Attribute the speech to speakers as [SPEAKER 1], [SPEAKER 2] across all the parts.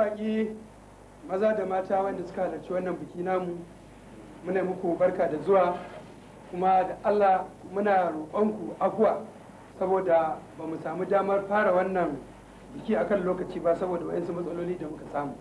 [SPEAKER 1] baki maza da mata wanda suka halarci wannan biki namu muna muku barka da zuwa kuma da allah muna roƙonku afuwa saboda ba mu samu damar fara wannan biki akan lokaci ba saboda wayansu matsaloli da muka samu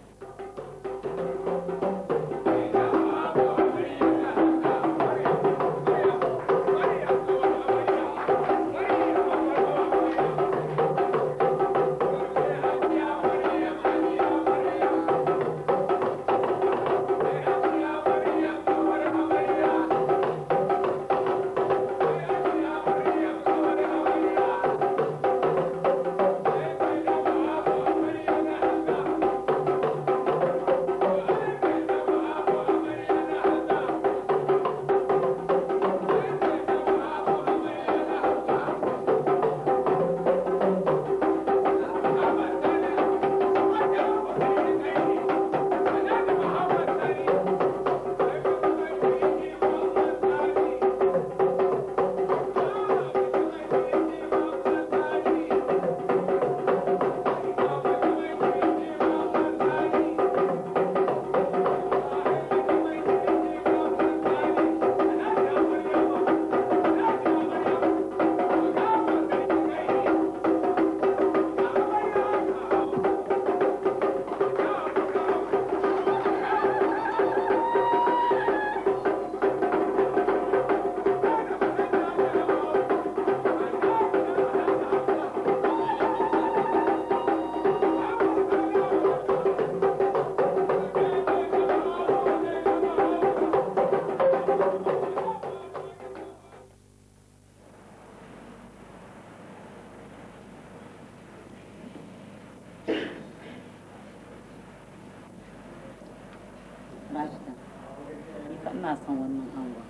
[SPEAKER 2] ina son wannan angon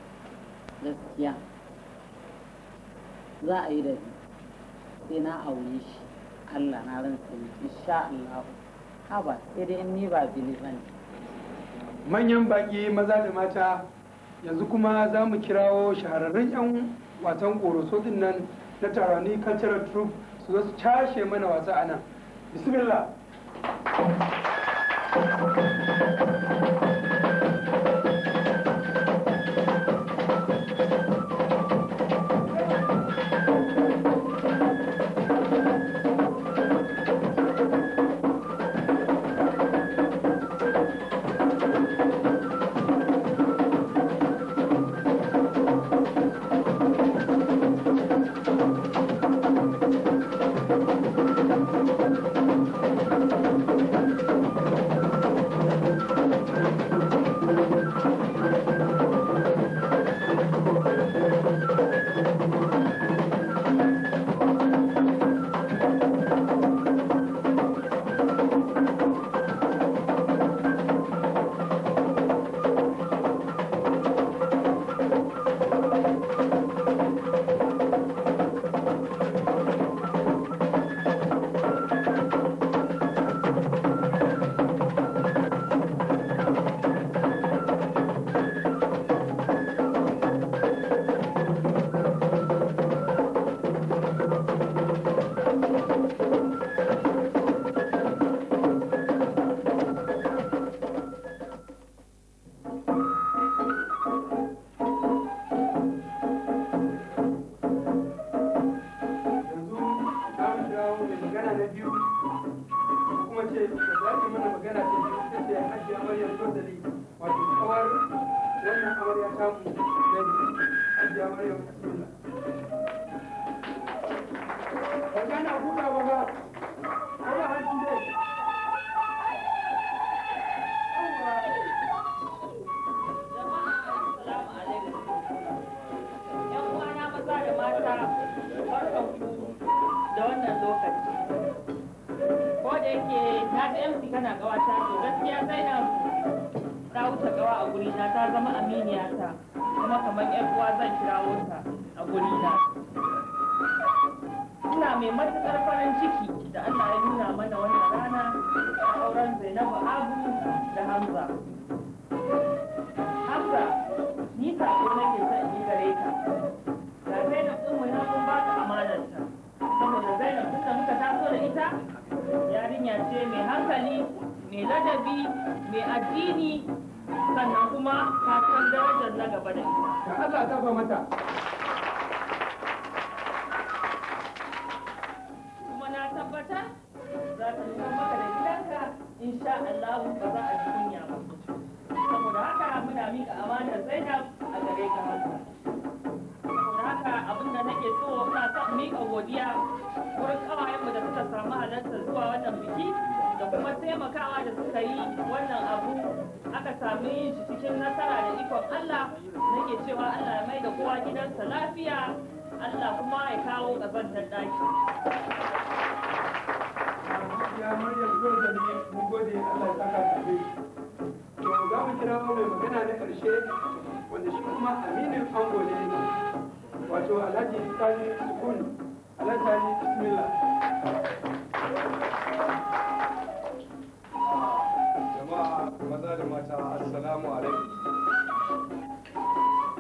[SPEAKER 2] gaskiya za a yi da ni sai na aure shi allah na ran sani insha allah haba sai dai in ni ba bili ba ne
[SPEAKER 1] manyan baki maza da mata yanzu kuma za mu kirawo shahararren yan wasan ƙoroso din nan na tarani cultural troupe su zo su cashe mana wasa a nan bismillah magana na biyu kuma ce da za mana magana ta biyu ita ce hajji amaryar dodali wato kawar wannan amarya tamu da hajji amaryar dodali Ban gana kuka ba ba, ana hajji dai.
[SPEAKER 2] kana gawa ta to gaskiya Zainab ta wuce gawa a guri na ta zama aminiya ta kuma kamar yar uwa zan kirawo ta a guri na ina mai matukar farin ciki da Allah ya nuna mana wannan rana a auren Zainabu Abu da Hamza yarinya ce mai hankali mai ladabi mai addini sannan kuma ta san darajar na gaba da
[SPEAKER 1] ita aka kafa mata
[SPEAKER 2] kuma na tabbata za ta nuna maka da gidanka insha Allah ba za a cikin ba saboda haka muna mika amanar Zainab wannan biki da kuma taimakawa da suka yi wannan abu aka sami yin shi cikin nasara da ikon Allah nake cewa Allah ya mai da kowa gidansa lafiya Allah kuma ya kawo ƙazantar ɗaki.
[SPEAKER 1] Ya Maryam Jordan ne mun gode Allah ya saka tafi. To za mu kira mai magana na ƙarshe wanda shi kuma aminin ango ne wato Alhaji Sani Sukun
[SPEAKER 3] Alhaji Sani Bismillah. da mata assalamu alaikum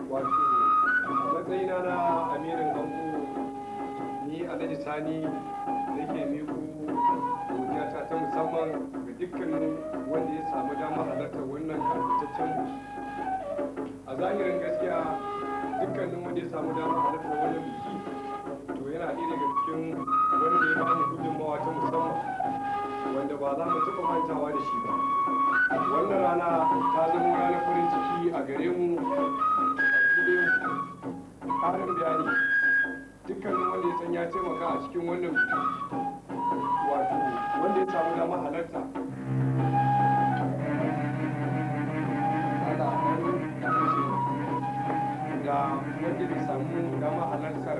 [SPEAKER 3] wato matsayina na amirin ango ni alhaji sani ke miku godiyata ta musamman ga dukkanin wanda ya samu damar halartar wannan karfitaccen a zahirin gaskiya dukkanin wanda ya samu damar halartar wannan biki to yana ɗaya daga cikin wanda ya ba gudunmawa ta musamman wanda ba za mu taɓa mantawa da shi ba wannan rana ta zama ranar farin ciki a gare mu ƙarin bayani dukkanin wanda ya san taimaka a cikin wannan wato wanda ya samu dama halarta da wanda bai samu dama halartar